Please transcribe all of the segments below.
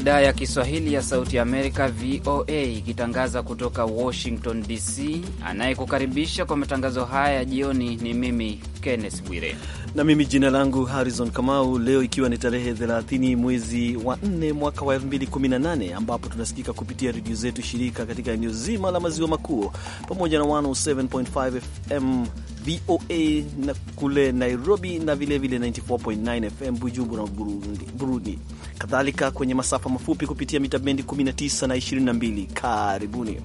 idhaa ya Kiswahili ya Sauti ya Amerika, VOA, ikitangaza kutoka Washington DC. Anayekukaribisha kwa matangazo haya ya jioni ni mimi Kenneth Bwire na mimi jina langu Harrison Kamau. Leo ikiwa ni tarehe 30 mwezi wa 4 mwaka wa 2018, ambapo tunasikika kupitia redio zetu shirika katika eneo zima la maziwa makuu pamoja na 107.5 FM VOA na kule Nairobi na vilevile 94.9 FM Bujumbura, Burundi, kadhalika kwenye masafa mafupi kupitia mita bendi 19 na 22. Karibuni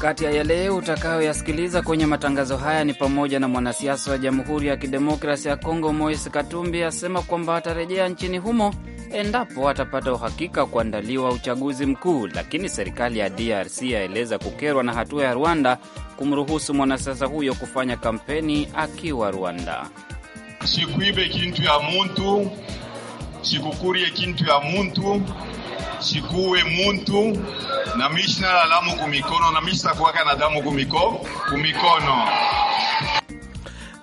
Kati ya yale utakayoyasikiliza kwenye matangazo haya ni pamoja na mwanasiasa wa Jamhuri ya Kidemokrasi ya Kongo Moise Katumbi asema kwamba atarejea nchini humo endapo atapata uhakika kuandaliwa uchaguzi mkuu, lakini serikali ya DRC yaeleza kukerwa na hatua ya Rwanda kumruhusu mwanasiasa huyo kufanya kampeni akiwa Rwanda. Sikuibe kintu ya muntu, sikukurie kintu ya muntu chikuwe muntu na mishina lalamu kumikono na mishina kuwaka na damu kumiko kumikono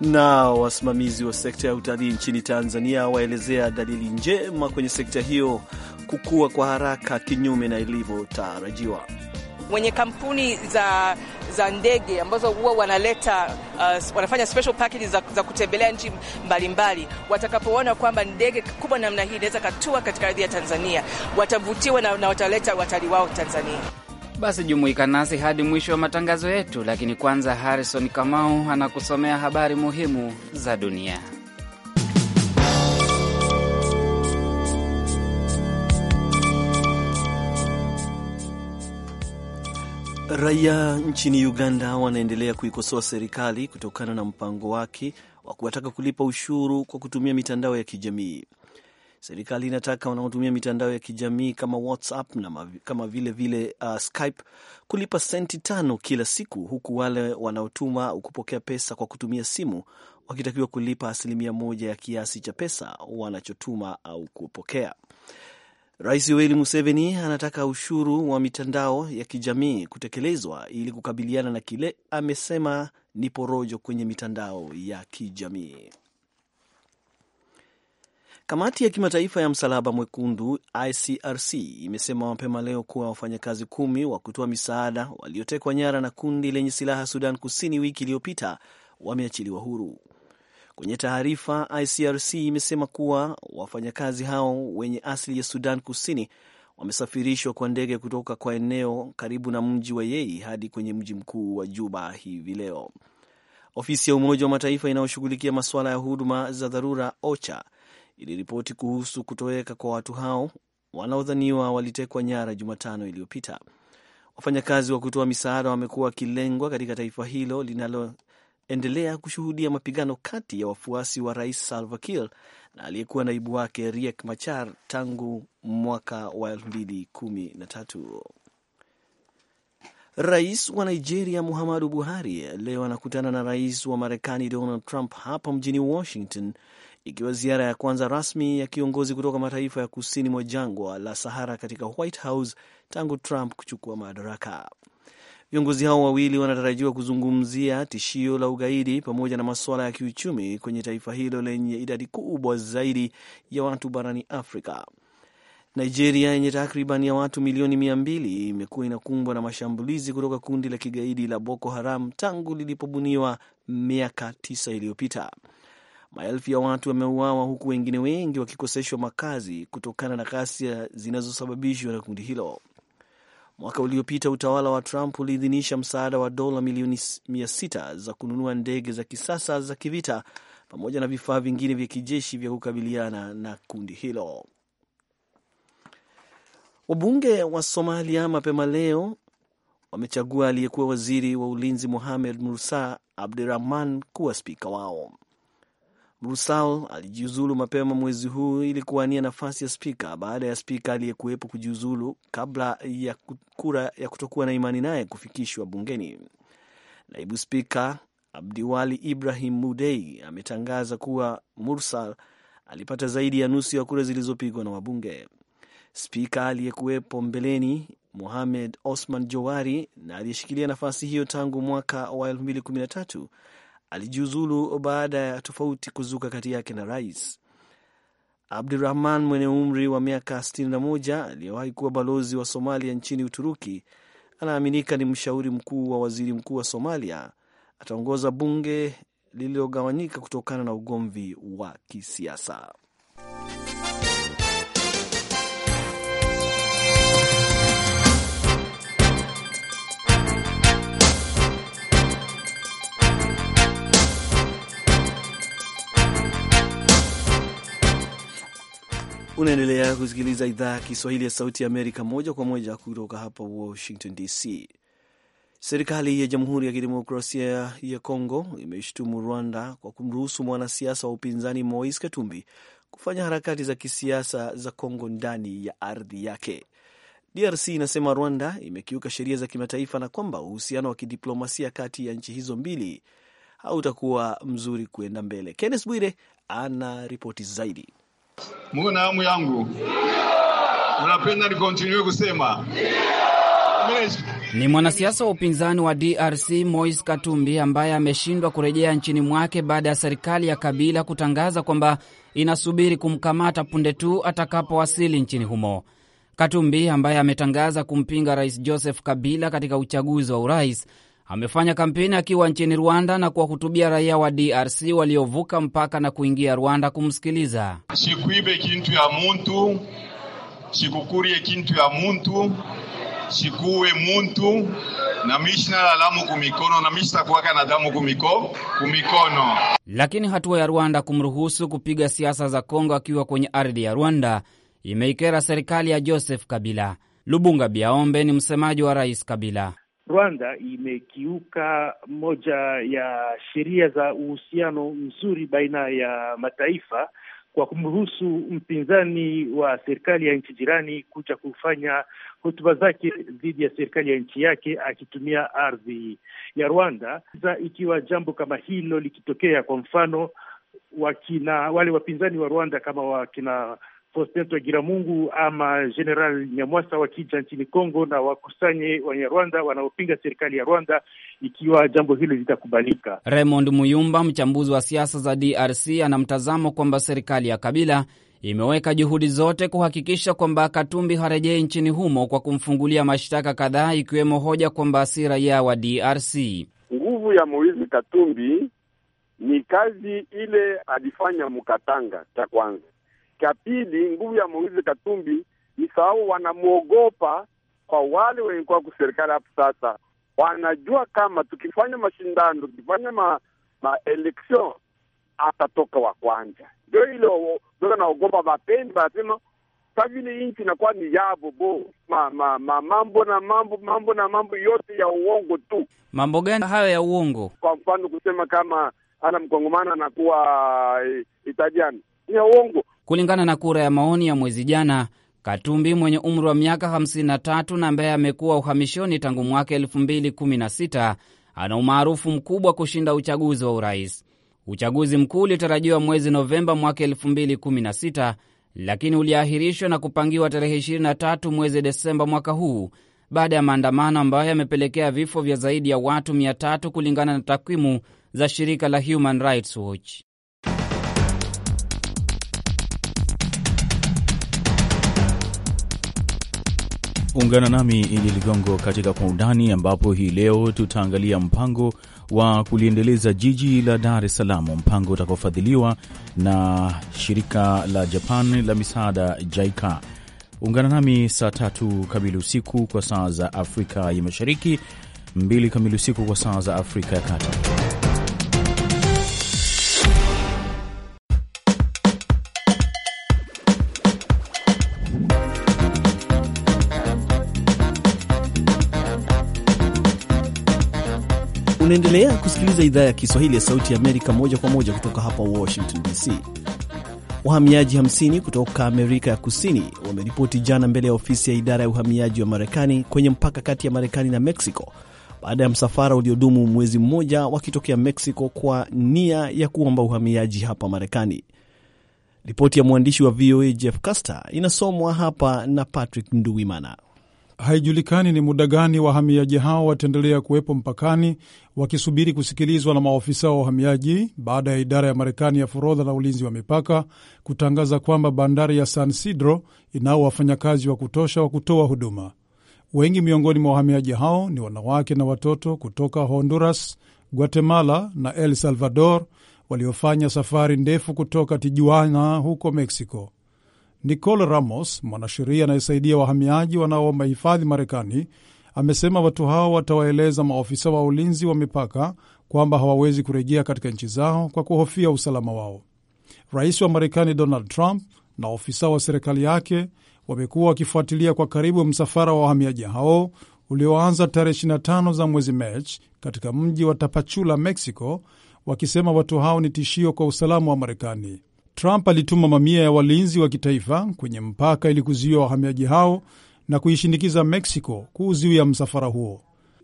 na wasimamizi wa sekta ya utalii nchini Tanzania waelezea dalili njema kwenye sekta hiyo kukua kwa haraka kinyume na ilivyotarajiwa wenye kampuni za za ndege ambazo huwa wanaleta uh, wanafanya special packages za, za kutembelea nchi mbalimbali, watakapoona kwamba ndege kubwa namna hii inaweza katua katika ardhi ya Tanzania watavutiwa na, na wataleta watalii wao Tanzania. Basi jumuika nasi hadi mwisho wa matangazo yetu, lakini kwanza Harrison Kamau anakusomea habari muhimu za dunia. Raia nchini Uganda wanaendelea kuikosoa serikali kutokana na mpango wake wa kuwataka kulipa ushuru kwa kutumia mitandao ya kijamii. Serikali inataka wanaotumia mitandao ya kijamii kama WhatsApp na kama vile vile uh, Skype kulipa senti tano kila siku, huku wale wanaotuma kupokea pesa kwa kutumia simu wakitakiwa kulipa asilimia moja ya kiasi cha pesa wanachotuma au kupokea. Rais Yoweri Museveni anataka ushuru wa mitandao ya kijamii kutekelezwa ili kukabiliana na kile amesema ni porojo kwenye mitandao ya kijamii. Kamati ya Kimataifa ya Msalaba Mwekundu ICRC imesema mapema leo kuwa wafanyakazi kumi wa kutoa misaada waliotekwa nyara na kundi lenye silaha Sudan Kusini wiki iliyopita wameachiliwa huru. Kwenye taarifa, ICRC imesema kuwa wafanyakazi hao wenye asili ya Sudan Kusini wamesafirishwa kwa ndege kutoka kwa eneo karibu na mji wa Yei hadi kwenye mji mkuu wa Juba hivi leo. Ofisi ya Umoja wa Mataifa inayoshughulikia masuala ya huduma za dharura OCHA iliripoti kuhusu kutoweka kwa watu hao wanaodhaniwa walitekwa nyara Jumatano iliyopita. Wafanyakazi wa kutoa misaada wamekuwa wakilengwa katika taifa hilo linalo endelea kushuhudia mapigano kati ya wafuasi wa rais Salva Kiir na aliyekuwa naibu wake Riek Machar tangu mwaka wa 2013. Rais wa Nigeria Muhammadu Buhari leo anakutana na rais wa Marekani Donald Trump hapa mjini Washington, ikiwa ziara ya kwanza rasmi ya kiongozi kutoka mataifa ya kusini mwa jangwa la Sahara katika White House tangu Trump kuchukua madaraka. Viongozi hao wawili wanatarajiwa kuzungumzia tishio la ugaidi pamoja na masuala ya kiuchumi kwenye taifa hilo lenye idadi kubwa zaidi ya watu barani Afrika. Nigeria yenye takriban ya watu milioni mia mbili imekuwa inakumbwa na mashambulizi kutoka kundi la kigaidi la Boko Haram tangu lilipobuniwa miaka tisa iliyopita. Maelfu ya watu wameuawa huku wengine wengi wakikoseshwa makazi kutokana na ghasia zinazosababishwa na kundi hilo. Mwaka uliopita utawala wa Trump uliidhinisha msaada wa dola milioni 600 za kununua ndege za kisasa za kivita pamoja na vifaa vingine vya kijeshi vya kukabiliana na kundi hilo. Wabunge wa Somalia mapema leo wamechagua aliyekuwa waziri wa ulinzi Mohamed Mursa abdurahman kuwa spika wao. Rusal alijiuzulu mapema mwezi huu ili kuwania nafasi ya spika baada ya spika aliyekuwepo kujiuzulu kabla ya kura ya kutokuwa na imani naye kufikishwa bungeni. Naibu spika Abdiwali Ibrahim Mudei ametangaza kuwa Mursal alipata zaidi ya nusu ya kura zilizopigwa na wabunge. Spika aliyekuwepo mbeleni Mohamed Osman Jowari na aliyeshikilia nafasi hiyo tangu mwaka wa 2013 alijiuzulu baada ya tofauti kuzuka kati yake na rais. Abdurahman mwenye umri wa miaka 61 aliyewahi kuwa balozi wa Somalia nchini Uturuki anaaminika ni mshauri mkuu wa waziri mkuu wa Somalia. Ataongoza bunge lililogawanyika kutokana na ugomvi wa kisiasa. Unaendelea kusikiliza idhaa ya Kiswahili ya Sauti ya Amerika moja kwa moja kutoka hapa Washington DC. Serikali ya Jamhuri ya Kidemokrasia ya Kongo imeshutumu Rwanda kwa kumruhusu mwanasiasa wa upinzani Moise Katumbi kufanya harakati za kisiasa za Kongo ndani ya ardhi yake. DRC inasema Rwanda imekiuka sheria za kimataifa na kwamba uhusiano wa kidiplomasia kati ya nchi hizo mbili hautakuwa mzuri kuenda mbele. Kenneth Bwire ana ripoti zaidi. Mungu na hamu yangu? Unapenda nikontinue kusema? Ni mwanasiasa wa upinzani wa DRC Moise Katumbi ambaye ameshindwa kurejea nchini mwake baada ya serikali ya Kabila kutangaza kwamba inasubiri kumkamata punde tu atakapowasili nchini humo. Katumbi ambaye ametangaza kumpinga Rais Joseph Kabila katika uchaguzi wa urais amefanya kampeni akiwa nchini Rwanda na kuwahutubia raia wa DRC waliovuka mpaka na kuingia Rwanda kumsikiliza. sikuibe kintu ya muntu, sikukurie kintu ya muntu, sikuwe muntu na mishina lalamu kumikono na mishina kuwaka na damu kumiko, kumikono. Lakini hatua ya Rwanda kumruhusu kupiga siasa za Kongo akiwa kwenye ardhi ya Rwanda imeikera serikali ya Joseph Kabila. Lubunga Biaombe ni msemaji wa Rais Kabila. Rwanda imekiuka moja ya sheria za uhusiano mzuri baina ya mataifa kwa kumruhusu mpinzani wa serikali ya nchi jirani kuja kufanya hotuba zake dhidi ya serikali ya nchi yake akitumia ardhi ya Rwanda. Sasa ikiwa jambo kama hilo likitokea, kwa mfano wakina wale wapinzani wa Rwanda kama wakina Faustin Twagiramungu ama General Nyamwasa wakija nchini Kongo na wakusanye Wanyarwanda wanaopinga serikali ya Rwanda ikiwa jambo hilo litakubalika. Raymond Muyumba, mchambuzi wa siasa za DRC, ana mtazamo kwamba serikali ya Kabila imeweka juhudi zote kuhakikisha kwamba Katumbi harejei nchini humo kwa kumfungulia mashtaka kadhaa, ikiwemo hoja kwamba si raia wa DRC. Nguvu ya Moizi Katumbi ni kazi ile alifanya Mkatanga cha kwanza cha pili, nguvu ya Moise Katumbi ni sababu wanamwogopa kwa wale wenye kuwa kuserikali hapo. Sasa wanajua kama tukifanya mashindano, tukifanya ma, ma election atatoka wa kwanza, ndio hilo naogopa. Mapendi wanasema kavile nchi inakuwa ni yabo bo ma, ma, ma, mambo na mambo mambo na mambo yote ya uongo tu. Mambo gani hayo ya uongo? Kwa mfano kusema kama ana mkongomana anakuwa eh, Italiano ni ya uongo. Kulingana na kura ya maoni ya mwezi jana, Katumbi mwenye umri wa miaka 53 na ambaye amekuwa uhamishoni tangu mwaka 2016 ana umaarufu mkubwa kushinda uchaguzi wa urais. Uchaguzi mkuu ulitarajiwa mwezi Novemba mwaka 2016 lakini uliahirishwa na kupangiwa tarehe 23 mwezi Desemba mwaka huu baada ya maandamano ambayo yamepelekea vifo vya zaidi ya watu 300 kulingana na takwimu za shirika la Human Rights Watch. Ungana nami Idi Ligongo katika Kwa Undani, ambapo hii leo tutaangalia mpango wa kuliendeleza jiji la Dar es Salaam, mpango utakaofadhiliwa na shirika la Japan la misaada JICA. Ungana nami saa tatu kamili usiku kwa saa za Afrika ya Mashariki, mbili kamili usiku kwa saa za Afrika ya Kati. Unaendelea kusikiliza idhaa ya Kiswahili ya Sauti ya Amerika moja kwa moja kutoka hapa Washington DC. Wahamiaji 50 kutoka Amerika ya Kusini wameripoti jana mbele ya ofisi ya idara ya uhamiaji wa Marekani kwenye mpaka kati ya Marekani na Mexico baada ya msafara uliodumu mwezi mmoja wakitokea Mexico kwa nia ya kuomba uhamiaji hapa Marekani. Ripoti ya mwandishi wa VOA Jeff Caster inasomwa hapa na Patrick Nduwimana. Haijulikani ni muda gani wahamiaji hao wataendelea kuwepo mpakani wakisubiri kusikilizwa na maofisa wa uhamiaji baada ya idara ya Marekani ya forodha na ulinzi wa mipaka kutangaza kwamba bandari ya San Sidro inao wafanyakazi wa kutosha wa kutoa huduma. Wengi miongoni mwa wahamiaji hao ni wanawake na watoto kutoka Honduras, Guatemala na El Salvador waliofanya safari ndefu kutoka Tijuana huko Mexico. Nicole Ramos, mwanasheria anayesaidia wahamiaji wanaoomba hifadhi Marekani, amesema watu hao watawaeleza maofisa wa ulinzi wa mipaka kwamba hawawezi kurejea katika nchi zao kwa kuhofia usalama wao. Rais wa Marekani Donald Trump na ofisa wa serikali yake wamekuwa wakifuatilia kwa karibu msafara wa wahamiaji hao ulioanza tarehe 25 za mwezi Machi katika mji wa Tapachula, Mexico, wakisema watu hao ni tishio kwa usalama wa Marekani. Trump alituma mamia ya walinzi wa kitaifa kwenye mpaka ili kuzuia wahamiaji hao na kuishinikiza Mexico kuuziwia msafara huo.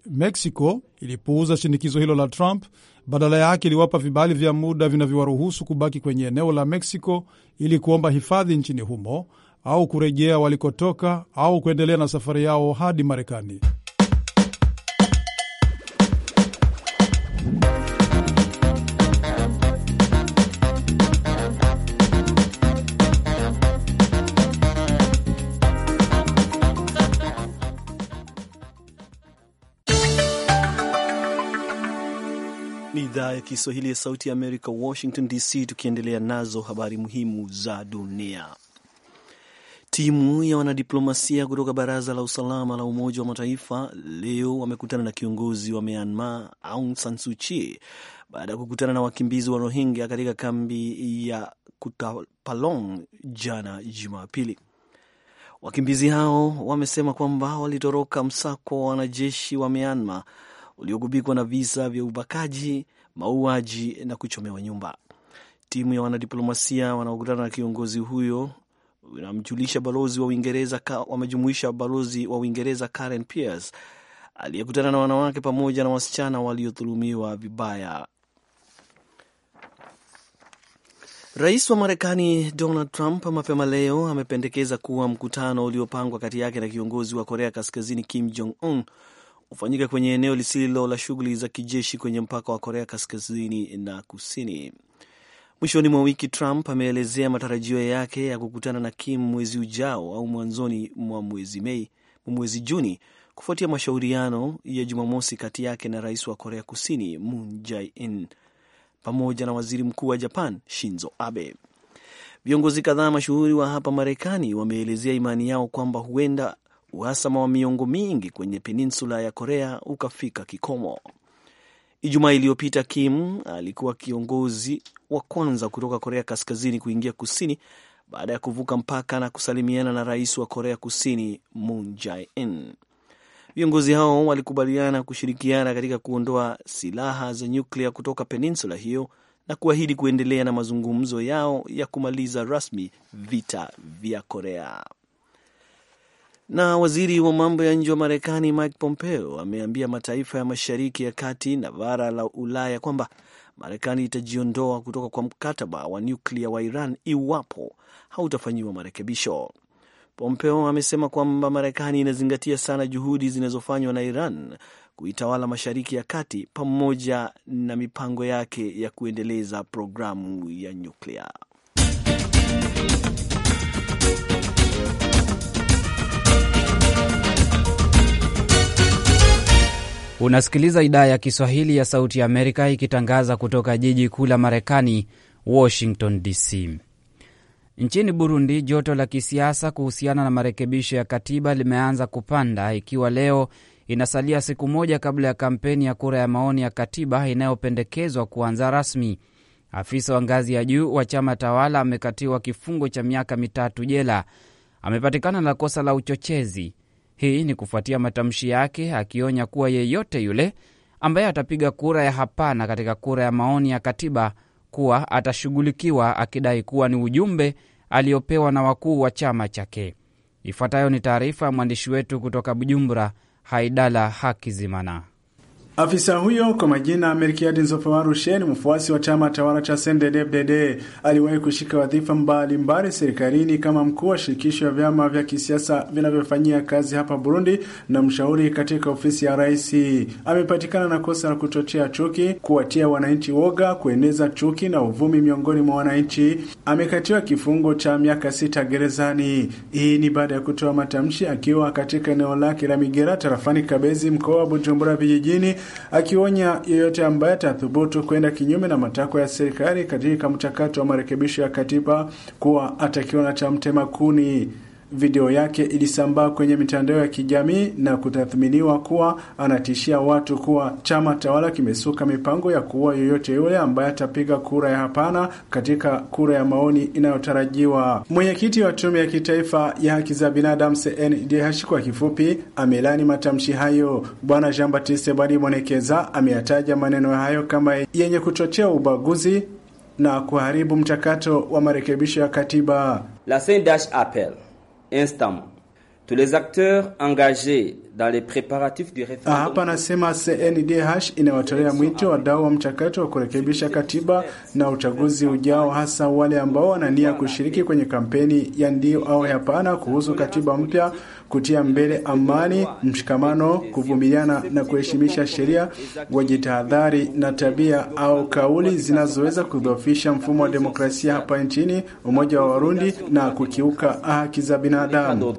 Mexico ilipuuza shinikizo hilo la Trump, badala yake iliwapa vibali vya muda vinavyowaruhusu kubaki kwenye eneo la Mexico ili kuomba hifadhi nchini humo au kurejea walikotoka au kuendelea na safari yao hadi Marekani. idhaa ya Kiswahili ya Sauti ya Amerika, Washington DC, tukiendelea nazo habari muhimu za dunia. Timu ya wanadiplomasia kutoka Baraza la Usalama la Umoja wa Mataifa leo wamekutana na kiongozi wa Myanmar Aung San Suu Kyi baada ya kukutana na wakimbizi wa Rohingya katika kambi ya Kutapalong jana Jumapili. Wakimbizi hao wamesema kwamba walitoroka msako wa wanajeshi wa Myanmar uliogubikwa na visa vya ubakaji mauaji na kuchomewa nyumba. Timu ya wanadiplomasia wanaokutana na kiongozi huyo inamjulisha balozi wa Uingereza, wamejumuisha balozi wa Uingereza Karen Pierce aliyekutana na wanawake pamoja na wasichana waliodhulumiwa vibaya. Rais wa Marekani Donald Trump mapema leo amependekeza kuwa mkutano uliopangwa kati yake na kiongozi wa Korea Kaskazini Kim Jong Un ufanyike kwenye eneo lisilo la shughuli za kijeshi kwenye mpaka wa Korea kaskazini na kusini. Mwishoni mwa wiki, Trump ameelezea matarajio yake ya kukutana na Kim mwezi ujao au mwanzoni mwa mwezi Mei, mwezi Juni, kufuatia mashauriano ya Jumamosi kati yake na rais wa Korea Kusini Moon Jae-in pamoja na waziri mkuu wa Japan Shinzo Abe. Viongozi kadhaa mashuhuri wa hapa Marekani wameelezea imani yao kwamba huenda uhasama wa miongo mingi kwenye peninsula ya Korea ukafika kikomo. Ijumaa iliyopita Kim alikuwa kiongozi wa kwanza kutoka Korea Kaskazini kuingia kusini baada ya kuvuka mpaka na kusalimiana na rais wa Korea Kusini Moon Jae-in. Viongozi hao walikubaliana kushirikiana katika kuondoa silaha za nyuklia kutoka peninsula hiyo na kuahidi kuendelea na mazungumzo yao ya kumaliza rasmi vita vya Korea. Na waziri wa mambo ya nje wa Marekani Mike Pompeo ameambia mataifa ya Mashariki ya Kati na bara la Ulaya kwamba Marekani itajiondoa kutoka kwa mkataba wa nyuklia wa Iran iwapo hautafanyiwa marekebisho. Pompeo amesema kwamba Marekani inazingatia sana juhudi zinazofanywa na Iran kuitawala Mashariki ya Kati pamoja na mipango yake ya kuendeleza programu ya nyuklia. Unasikiliza idhaa ya Kiswahili ya Sauti ya Amerika ikitangaza kutoka jiji kuu la Marekani, Washington DC. Nchini Burundi, joto la kisiasa kuhusiana na marekebisho ya katiba limeanza kupanda, ikiwa leo inasalia siku moja kabla ya kampeni ya kura ya maoni ya katiba inayopendekezwa kuanza rasmi. Afisa wa ngazi ya juu wa chama tawala amekatiwa kifungo cha miaka mitatu jela. Amepatikana na kosa la uchochezi hii ni kufuatia matamshi yake akionya kuwa yeyote yule ambaye atapiga kura ya hapana katika kura ya maoni ya katiba kuwa atashughulikiwa, akidai kuwa ni ujumbe aliyopewa na wakuu wa chama chake. Ifuatayo ni taarifa ya mwandishi wetu kutoka Bujumbura, Haidala Hakizimana. Afisa huyo kwa majina Melkiadi Nzofawarushe ni mfuasi wa chama tawala cha CNDD-FDD. Aliwahi kushika wadhifa mbalimbali serikalini kama mkuu wa shirikisho ya vyama vya kisiasa vinavyofanyia kazi hapa Burundi na mshauri katika ofisi ya rais. Amepatikana na kosa la kuchochea chuki, kuwatia wananchi woga, kueneza chuki na uvumi miongoni mwa wananchi. Amekatiwa kifungo cha miaka sita gerezani. Hii ni baada ya kutoa matamshi akiwa katika eneo lake la Migera tarafani Kabezi, mkoa wa Bujumbura vijijini akionya yeyote ambaye atathubutu kwenda kinyume na matakwa ya serikali katika mchakato wa marekebisho ya katiba kuwa atakiona cha mtema kuni video yake ilisambaa kwenye mitandao ya kijamii na kutathminiwa kuwa anatishia watu kuwa chama tawala kimesuka mipango ya kuua yoyote yule ambaye atapiga kura ya hapana katika kura ya maoni inayotarajiwa. Mwenyekiti wa tume ya kitaifa ya haki za binadamu CNDH kwa kifupi, amelani matamshi hayo. Bwana Jean Baptiste Mwonekeza ameyataja maneno hayo kama yenye kuchochea ubaguzi na kuharibu mchakato wa marekebisho ya katiba. La CNDH appelle instant. Tous les acteurs engagés Ah, hapa anasema CNDH inawatolea mwito wadau wa mchakato wa kurekebisha katiba na uchaguzi ujao, hasa wale ambao wanania kushiriki kwenye kampeni ya ndio au hapana kuhusu katiba mpya, kutia mbele amani, mshikamano, kuvumiliana na kuheshimisha sheria, wajitahadhari na tabia au kauli zinazoweza kudhoofisha mfumo wa demokrasia hapa nchini, umoja wa Warundi na kukiuka haki za binadamu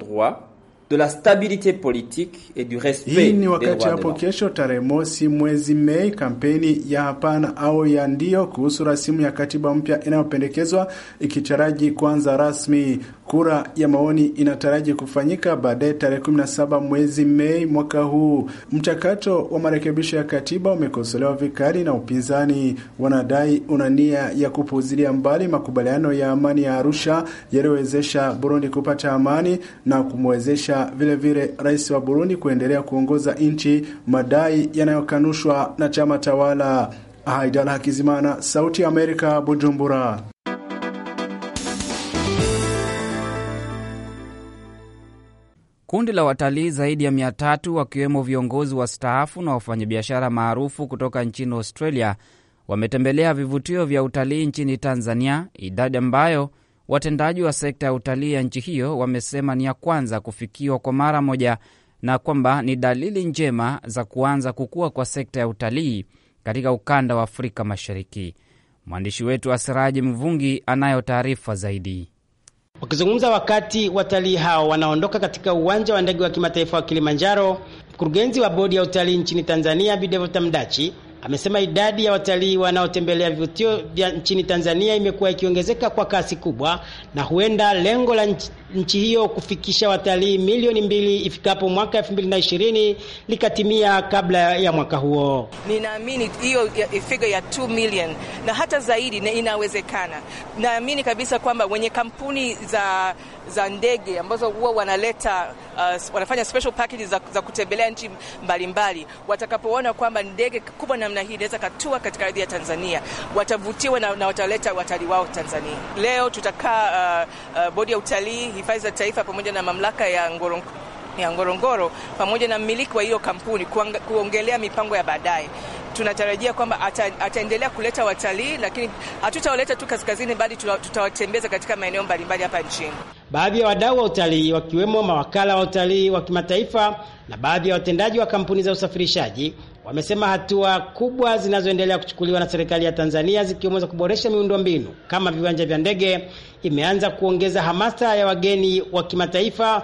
de la stabilité politique et du respect. Hii ni wakati hapo kesho tarehe mosi mwezi Mei, kampeni ya hapana au ya ndio kuhusu rasimu ya katiba mpya inayopendekezwa ikitaraji kuanza rasmi. Kura ya maoni inataraji kufanyika baadaye tarehe 17 mwezi Mei mwaka huu. Mchakato wa marekebisho ya katiba umekosolewa vikali na upinzani, wanadai una nia ya kupuuzilia mbali makubaliano ya amani ya Arusha yaliyowezesha Burundi kupata amani na kumwezesha kuwezesha vile vile rais wa Burundi kuendelea kuongoza nchi, madai yanayokanushwa na chama tawala. Haidala Hakizimana, Sauti ya Amerika, Bujumbura. Kundi la watalii zaidi ya mia tatu wakiwemo viongozi wa staafu na wafanyabiashara maarufu kutoka nchini Australia wametembelea vivutio vya utalii nchini Tanzania, idadi ambayo Watendaji wa sekta ya utalii ya nchi hiyo wamesema ni ya kwanza kufikiwa kwa mara moja na kwamba ni dalili njema za kuanza kukua kwa sekta ya utalii katika ukanda wa Afrika Mashariki. Mwandishi wetu Asiraji Mvungi anayo taarifa zaidi. Wakizungumza wakati watalii hao wanaondoka katika uwanja wa ndege wa kimataifa wa Kilimanjaro, mkurugenzi wa bodi ya utalii nchini Tanzania Bidevota Mdachi Amesema idadi ya watalii wanaotembelea vivutio vya nchini Tanzania imekuwa ikiongezeka kwa kasi kubwa na huenda lengo la nchi, nchi hiyo kufikisha watalii milioni mbili ifikapo mwaka 2020 likatimia kabla ya mwaka huo. Ninaamini hiyo figure ya 2 million na hata zaidi na inawezekana. Naamini kabisa kwamba wenye kampuni za za ndege ambazo huwa wanaleta uh, wanafanya special packages za, za kutembelea nchi mbalimbali watakapoona kwamba ndege kubwa na namna hii inaweza katua katika ardhi ya Tanzania, watavutiwa na, na wataleta watalii wao Tanzania. Leo tutakaa uh, uh, bodi ya utalii hifadhi za taifa pamoja na mamlaka ya Ngorongoro ya Ngorongoro pamoja na mmiliki wa hiyo kampuni kuongelea mipango ya baadaye. Tunatarajia kwamba ata, ataendelea kuleta watalii, lakini hatutawaleta tu kaskazini, bali tutawatembeza katika maeneo mbalimbali hapa nchini. Baadhi ya wadau wa utalii wakiwemo mawakala wa utalii wa kimataifa na baadhi ya watendaji wa kampuni za usafirishaji Wamesema hatua kubwa zinazoendelea kuchukuliwa na serikali ya Tanzania zikiwemo za kuboresha mbinu kama viwanja vya ndege, imeanza kuongeza hamasa ya wageni wa kimataifa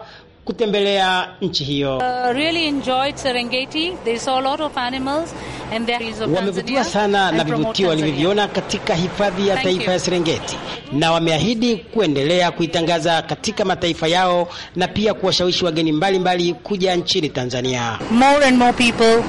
kutembelea nchi hiyo. Uh, really enjoyed Serengeti. They saw a lot of animals and there is wamevutiwa sana na vivutio walivyoviona katika hifadhi ya taifa ya Serengeti, na wameahidi kuendelea kuitangaza katika mataifa yao na pia kuwashawishi wageni mbalimbali mbali kuja nchini Tanzania. More and more people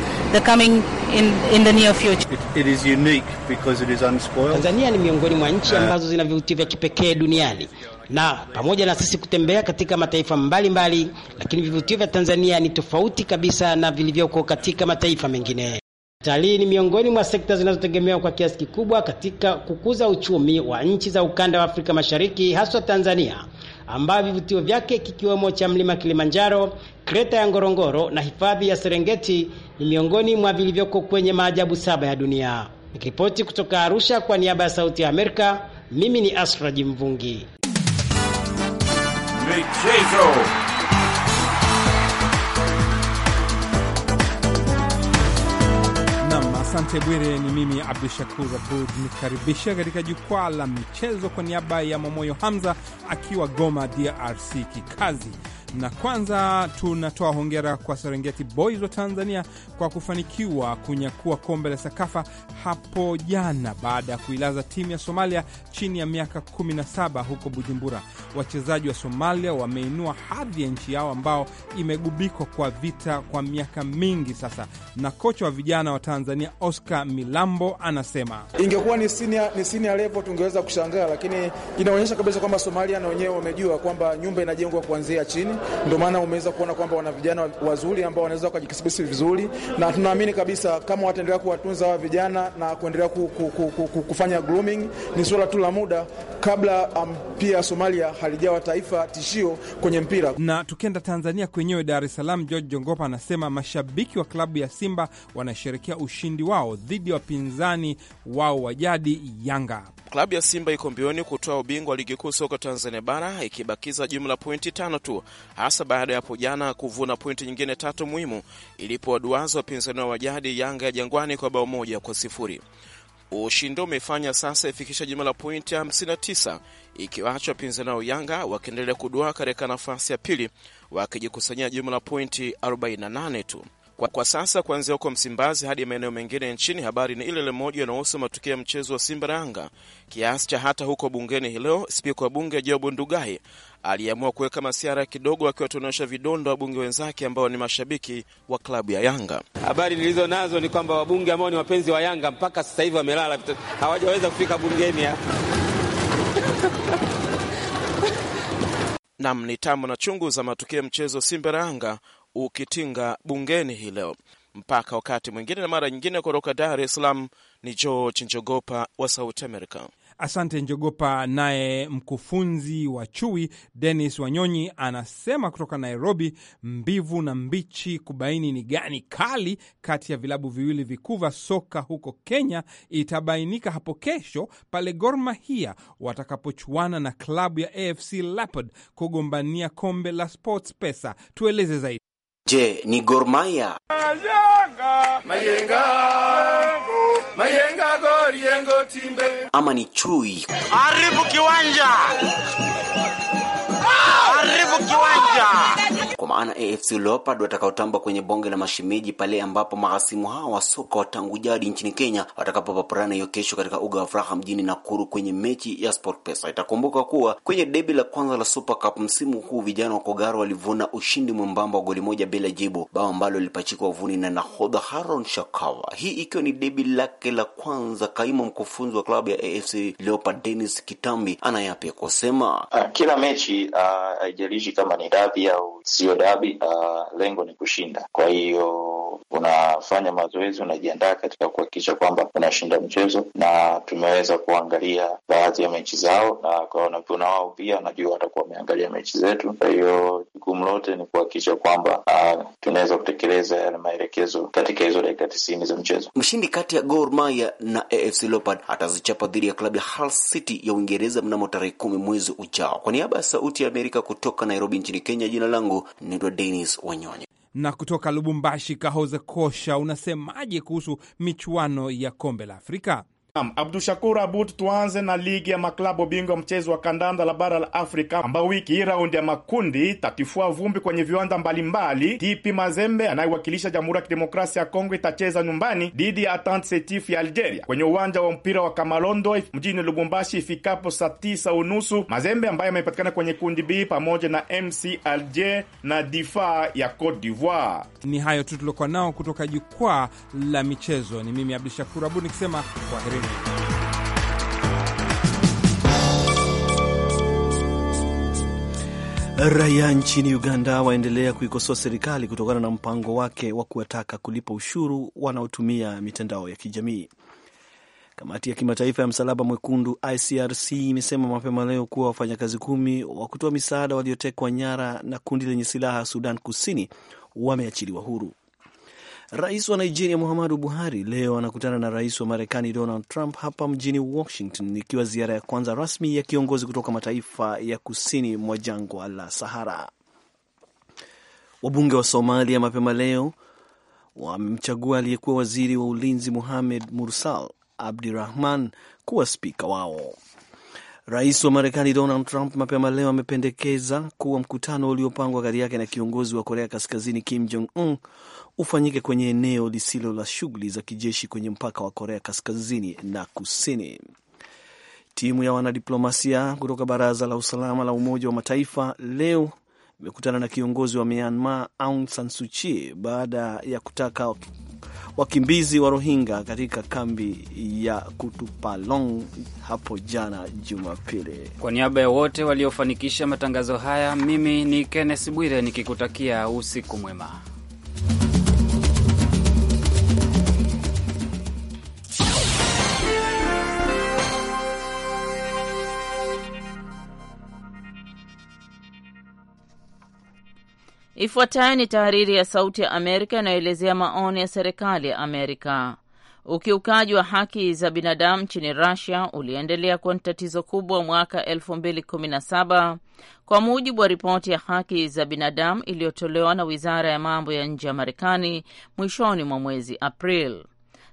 coming in, in the near future. It, it is unique because it is unspoiled. Tanzania ni miongoni mwa nchi uh, ambazo zina vivutio vya kipekee duniani na pamoja na sisi kutembea katika mataifa mbalimbali mbali, lakini vivutio vya Tanzania ni tofauti kabisa na vilivyoko katika mataifa mengine. Utalii ni miongoni mwa sekta zinazotegemewa kwa kiasi kikubwa katika kukuza uchumi wa nchi za ukanda wa Afrika Mashariki, haswa Tanzania ambayo vivutio vyake kikiwemo cha mlima Kilimanjaro, kreta ya Ngorongoro na hifadhi ya Serengeti ni miongoni mwa vilivyoko kwenye maajabu saba ya dunia. Nikiripoti kutoka Arusha kwa niaba ya Sauti ya Amerika, mimi ni asraji Jimvungi. Jaso. Asante Bwire. Ni mimi Abdu Shakur Abud nikaribisha katika jukwaa la michezo, kwa niaba ya Momoyo Hamza akiwa Goma, DRC kikazi na kwanza tunatoa hongera kwa Serengeti Boys wa Tanzania kwa kufanikiwa kunyakua kombe la Sakafa hapo jana baada ya kuilaza timu ya Somalia chini ya miaka 17 huko Bujumbura. Wachezaji wa Somalia wameinua hadhi ya nchi yao ambao imegubikwa kwa vita kwa miaka mingi sasa, na kocha wa vijana wa Tanzania Oscar Milambo anasema ingekuwa ni senior, ni senior level tungeweza kushangaa, lakini inaonyesha kabisa kwamba Somalia na wenyewe wamejua kwamba nyumba inajengwa kuanzia chini ndio maana umeweza kuona kwamba wana vijana wazuri ambao wanaweza wakajikisibisi vizuri, na tunaamini kabisa kama wataendelea kuwatunza hawa vijana na kuendelea ku, ku, ku, ku, ku, kufanya grooming, ni suala tu la muda kabla um, Somalia halijawa taifa tishio kwenye mpira. Na tukienda Tanzania kwenyewe, Dar es Salaam, George Jongopa anasema mashabiki wa klabu ya Simba wanasherekea ushindi wao dhidi ya wa wapinzani wao wa jadi Yanga. Klabu ya Simba iko mbioni kutoa ubingwa wa ligi kuu soka Tanzania bara ikibakiza jumla pointi tano tu, hasa baada ya hapo jana kuvuna pointi nyingine tatu muhimu ilipowaduaza wapinzani wa jadi Yanga ya Jangwani kwa bao moja kwa sifuri. Ushindi umefanya sasa ifikisha jumla la pointi 59 ikiwacha wapinzani wa Yanga wakiendelea kudua katika nafasi ya pili wakijikusanyia jumla la pointi 48 tu. Kwa, kwa sasa kuanzia huko Msimbazi hadi maeneo mengine nchini, habari ni ile ile moja inahusu matukio ya mchezo wa Simba na Yanga, kiasi cha hata huko bungeni hii leo spika wa bunge jobu Ndugai aliamua kuweka masiara kidogo, akiwatonesha vidondo wabunge wenzake ambao ni mashabiki wa klabu ya Yanga. Habari nilizo nazo ni kwamba wabunge ambao ni wapenzi wa Yanga mpaka sasa hivi wamelala, hawajaweza kufika bungeni hapa nam ni tamu na chungu za matukio ya mchezo Simba na Yanga ukitinga bungeni hii leo. Mpaka wakati mwingine na mara nyingine, kutoka Dar es Salaam ni George Njogopa wa Sauti Amerika. Asante Njogopa. Naye mkufunzi wa Chui Denis Wanyonyi anasema kutoka Nairobi, mbivu na mbichi kubaini ni gani kali kati ya vilabu viwili vikuu vya soka huko Kenya itabainika hapo kesho pale Gor Mahia watakapochuana na klabu ya AFC Leopards kugombania kombe la Pesa. Tueleze zaidi. Je, ni Gor Mahia? Ama ni chui? Haribu kiwanja. Haribu kiwanja maana AFC Leopards watakaotamba kwenye bonge la mashimiji pale ambapo mahasimu hawa wa soka wa tangu jadi nchini Kenya watakapopapurana hiyo kesho katika uga wa Furaha mjini Nakuru kwenye mechi ya SportPesa. Itakumbuka kuwa kwenye debi la kwanza la Super Cup msimu huu vijana wa Kogaro walivuna ushindi mwembamba wa goli moja bila jibu, bao ambalo lilipachikwa uvuni na nahodha Haron Shakawa, hii ikiwa ni debi lake la kwanza. Kaimu mkufunzi wa klabu ya AFC Leopards Dennis Kitambi ana kusema, uh, Kila mechi ah, haijalishi uh, kama ni dabi au sio dabi, uh, ah, lengo ni kushinda. Kwa hiyo unafanya mazoezi, unajiandaa katika kuhakikisha kwamba unashinda mchezo, na tumeweza kuangalia baadhi ya mechi zao, na kwa wanavyuona wao pia, najua watakuwa wameangalia mechi zetu. Kwa hiyo jukumu lote ni kuhakikisha kwamba ah, tunaweza kutekeleza yale maelekezo katika hizo dakika tisini za mchezo. Mshindi kati ya Gor Mahia na AFC Leopards atazichapa dhidi ya klabu ya Hull City ya Uingereza mnamo tarehe kumi mwezi ujao. Kwa niaba ya Sauti ya Amerika kutoka Nairobi nchini Kenya, jina langu naitwa Denis Wanyonyi na kutoka Lubumbashi, Kahoze Kosha, unasemaje kuhusu michuano ya kombe la Afrika? Naam, Abdu Shakur Abud, tuanze na ligi ya maklabu bingwa mchezo wa kandanda la bara la Afrika ambao wiki hii raundi ya makundi tatifua vumbi kwenye viwanda mbalimbali. TP Mazembe anayewakilisha Jamhuri ya Kidemokrasia ya Kongo itacheza nyumbani dhidi ya atante Setif ya Algeria kwenye uwanja wa mpira wa Kamalondo mjini Lubumbashi ifikapo saa tisa unusu. Mazembe ambaye amepatikana kwenye kundi B pamoja na MC Alger na Difa ya Cote d'Ivoire. Ni hayo tu tuliokuwa nao kutoka jukwaa la michezo. Ni mimi Abdu Shakur Abud nikisema kwaherini. Raia nchini Uganda waendelea kuikosoa serikali kutokana na mpango wake wa kuwataka kulipa ushuru wanaotumia mitandao ya kijamii. Kamati ya kimataifa ya Msalaba Mwekundu ICRC imesema mapema leo kuwa wafanyakazi kumi wa kutoa misaada waliotekwa nyara na kundi lenye silaha Sudan Kusini wameachiliwa huru. Rais wa Nigeria Muhammadu Buhari leo anakutana na rais wa Marekani Donald Trump hapa mjini Washington, ikiwa ziara ya kwanza rasmi ya kiongozi kutoka mataifa ya kusini mwa jangwa la Sahara. Wabunge wa Somalia mapema leo wamemchagua aliyekuwa waziri wa ulinzi muhamed Mursal Abdirahman kuwa spika wao. Rais wa Marekani Donald Trump mapema leo amependekeza kuwa mkutano uliopangwa kati yake na kiongozi wa Korea Kaskazini Kim Jong Un ufanyike kwenye eneo lisilo la shughuli za kijeshi kwenye mpaka wa Korea Kaskazini na Kusini. Timu ya wanadiplomasia kutoka Baraza la Usalama la Umoja wa Mataifa leo imekutana na kiongozi wa Myanmar Aung San Suu Kyi baada ya kutaka wakimbizi wa Rohingya katika kambi ya Kutupalong hapo jana Jumapili. Kwa niaba ya wote waliofanikisha matangazo haya, mimi ni Kenneth Bwire nikikutakia usiku mwema. Ifuatayo ni tahariri ya Sauti ya Amerika inayoelezea maoni ya serikali ya Amerika. Ukiukaji wa haki za binadamu nchini rasia uliendelea kuwa ni tatizo kubwa mwaka 2017 kwa mujibu wa ripoti ya haki za binadamu iliyotolewa na wizara ya mambo ya nje ya Marekani mwishoni mwa mwezi Aprili.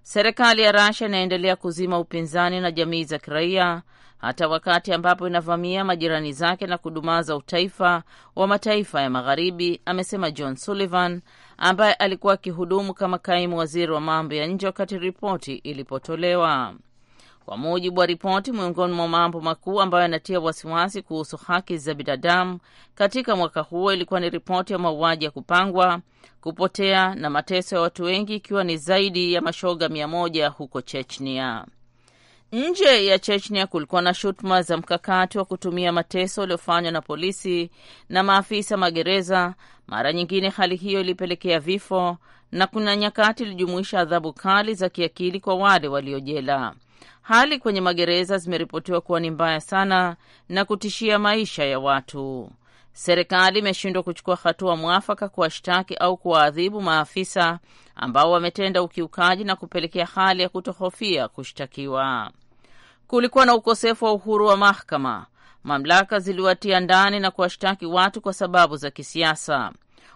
Serikali ya rasia inaendelea kuzima upinzani na jamii za kiraia hata wakati ambapo inavamia majirani zake na kudumaza utaifa wa mataifa ya Magharibi, amesema John Sullivan ambaye alikuwa akihudumu kama kaimu waziri wa mambo ya nje wakati ripoti ilipotolewa. Kwa mujibu wa ripoti, miongoni mwa mambo makuu ambayo yanatia wasiwasi kuhusu haki za binadamu katika mwaka huo ilikuwa ni ripoti ya mauaji ya kupangwa, kupotea na mateso ya watu wengi, ikiwa ni zaidi ya mashoga mia moja huko Chechnia. Nje ya Chechnya kulikuwa na shutuma za mkakati wa kutumia mateso uliofanywa na polisi na maafisa magereza. Mara nyingine hali hiyo ilipelekea vifo, na kuna nyakati ilijumuisha adhabu kali za kiakili kwa wale waliojela. Hali kwenye magereza zimeripotiwa kuwa ni mbaya sana na kutishia maisha ya watu. Serikali imeshindwa kuchukua hatua mwafaka kuwashtaki au kuwaadhibu maafisa ambao wametenda ukiukaji na kupelekea hali ya kutohofia kushtakiwa. Kulikuwa na ukosefu wa uhuru wa mahakama. Mamlaka ziliwatia ndani na kuwashtaki watu kwa sababu za kisiasa.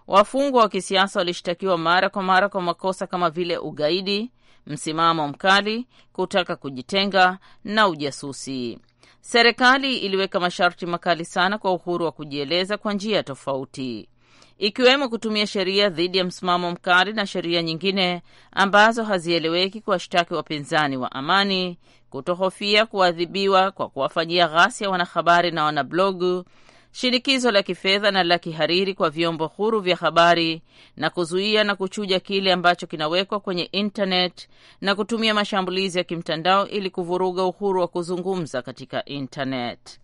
Wafungwa wa kisiasa walishtakiwa mara kwa mara kwa makosa kama vile ugaidi, msimamo mkali, kutaka kujitenga na ujasusi. Serikali iliweka masharti makali sana kwa uhuru wa kujieleza kwa njia tofauti, ikiwemo kutumia sheria dhidi ya msimamo mkali na sheria nyingine ambazo hazieleweki, kuwashtaki wapinzani wa amani, kutohofia kuadhibiwa kwa kuwafanyia ghasia wanahabari na wanablogu shinikizo la kifedha na la kihariri kwa vyombo huru vya habari na kuzuia na kuchuja kile ambacho kinawekwa kwenye intanet na kutumia mashambulizi ya kimtandao ili kuvuruga uhuru wa kuzungumza katika intanet.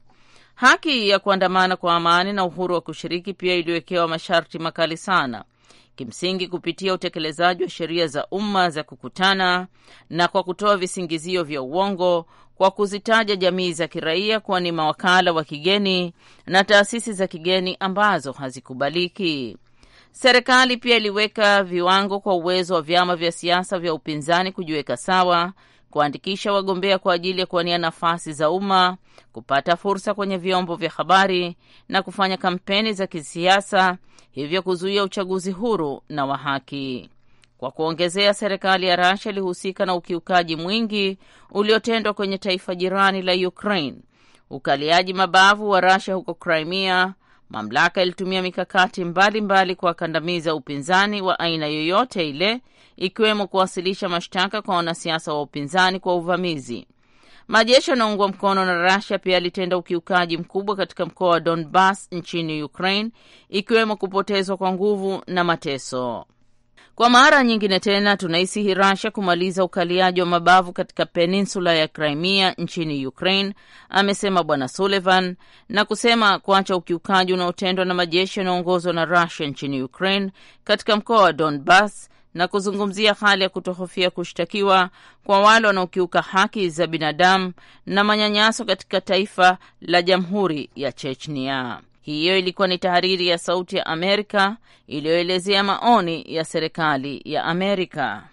Haki ya kuandamana kwa amani na uhuru wa kushiriki pia iliwekewa masharti makali sana, kimsingi kupitia utekelezaji wa sheria za umma za kukutana na kwa kutoa visingizio vya uongo kwa kuzitaja jamii za kiraia kuwa ni mawakala wa kigeni na taasisi za kigeni ambazo hazikubaliki. Serikali pia iliweka viwango kwa uwezo wa vyama vya siasa vya upinzani kujiweka sawa, kuandikisha wagombea kwa ajili ya kuwania nafasi za umma, kupata fursa kwenye vyombo vya habari na kufanya kampeni za kisiasa, hivyo kuzuia uchaguzi huru na wa haki. Kwa kuongezea, serikali ya Rasia ilihusika na ukiukaji mwingi uliotendwa kwenye taifa jirani la Ukraine, ukaliaji mabavu wa rasia huko Crimea. Mamlaka ilitumia mikakati mbalimbali kuwakandamiza upinzani wa aina yoyote ile, ikiwemo kuwasilisha mashtaka kwa wanasiasa wa upinzani kwa uvamizi. Majeshi yanaungwa mkono na rasia pia yalitenda ukiukaji mkubwa katika mkoa wa Donbas nchini Ukraine, ikiwemo kupotezwa kwa nguvu na mateso. Kwa mara nyingine tena tunaisihi Rasha kumaliza ukaliaji wa mabavu katika peninsula ya Crimea nchini Ukraine, amesema Bwana Sullivan, na kusema kuacha ukiukaji unaotendwa na majeshi yanayoongozwa na Russia nchini Ukraine katika mkoa wa Donbas na kuzungumzia hali ya kutohofia kushtakiwa kwa wale wanaokiuka haki za binadamu na manyanyaso katika taifa la Jamhuri ya Chechnia. Hiyo ilikuwa ni tahariri ya Sauti ya Amerika iliyoelezea maoni ya serikali ya Amerika.